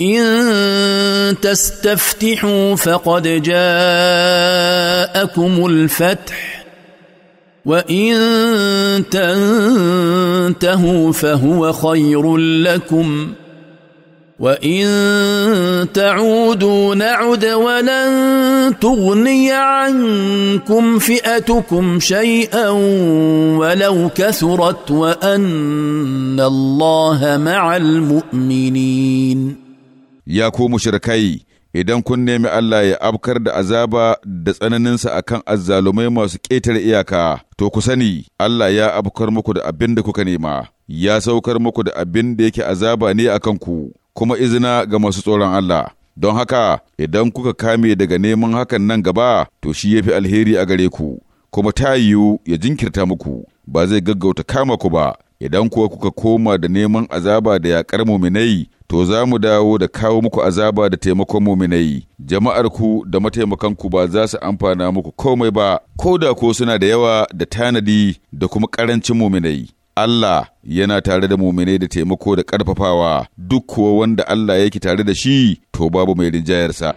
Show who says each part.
Speaker 1: ان تستفتحوا فقد جاءكم الفتح وان تنتهوا فهو خير لكم وان تعودوا نعد ولن تغني عنكم فئتكم شيئا ولو كثرت وان الله مع المؤمنين
Speaker 2: ya ku mushrikai idan kun nemi Allah ya abkar da azaba da tsananinsa a kan azzalumai masu ƙetare iyaka, to ku sani, Allah ya abkar muku da abin da kuka nema, ya saukar muku da abin da yake azaba ne a kanku, kuma izina ga masu tsoron Allah. Don haka, idan kuka kame daga neman hakan nan gaba, to shi ya fi alheri a gare ku, kuma ta yiwu ya jinkirta muku, ba zai gaggauta kama ku ba. idan kuwa kuka koma da neman azaba da yaƙar muminai to za mu dawo da kawo muku azaba da taimakon muminai jama'ar ku da mataimakanku ba za su amfana muku komai ba ko da ko suna da yawa da tanadi da kuma ƙarancin muminai Allah yana tare da muminai da taimako da ƙarfafawa duk kuwa wanda Allah yake tare da shi to babu mai rinjayarsa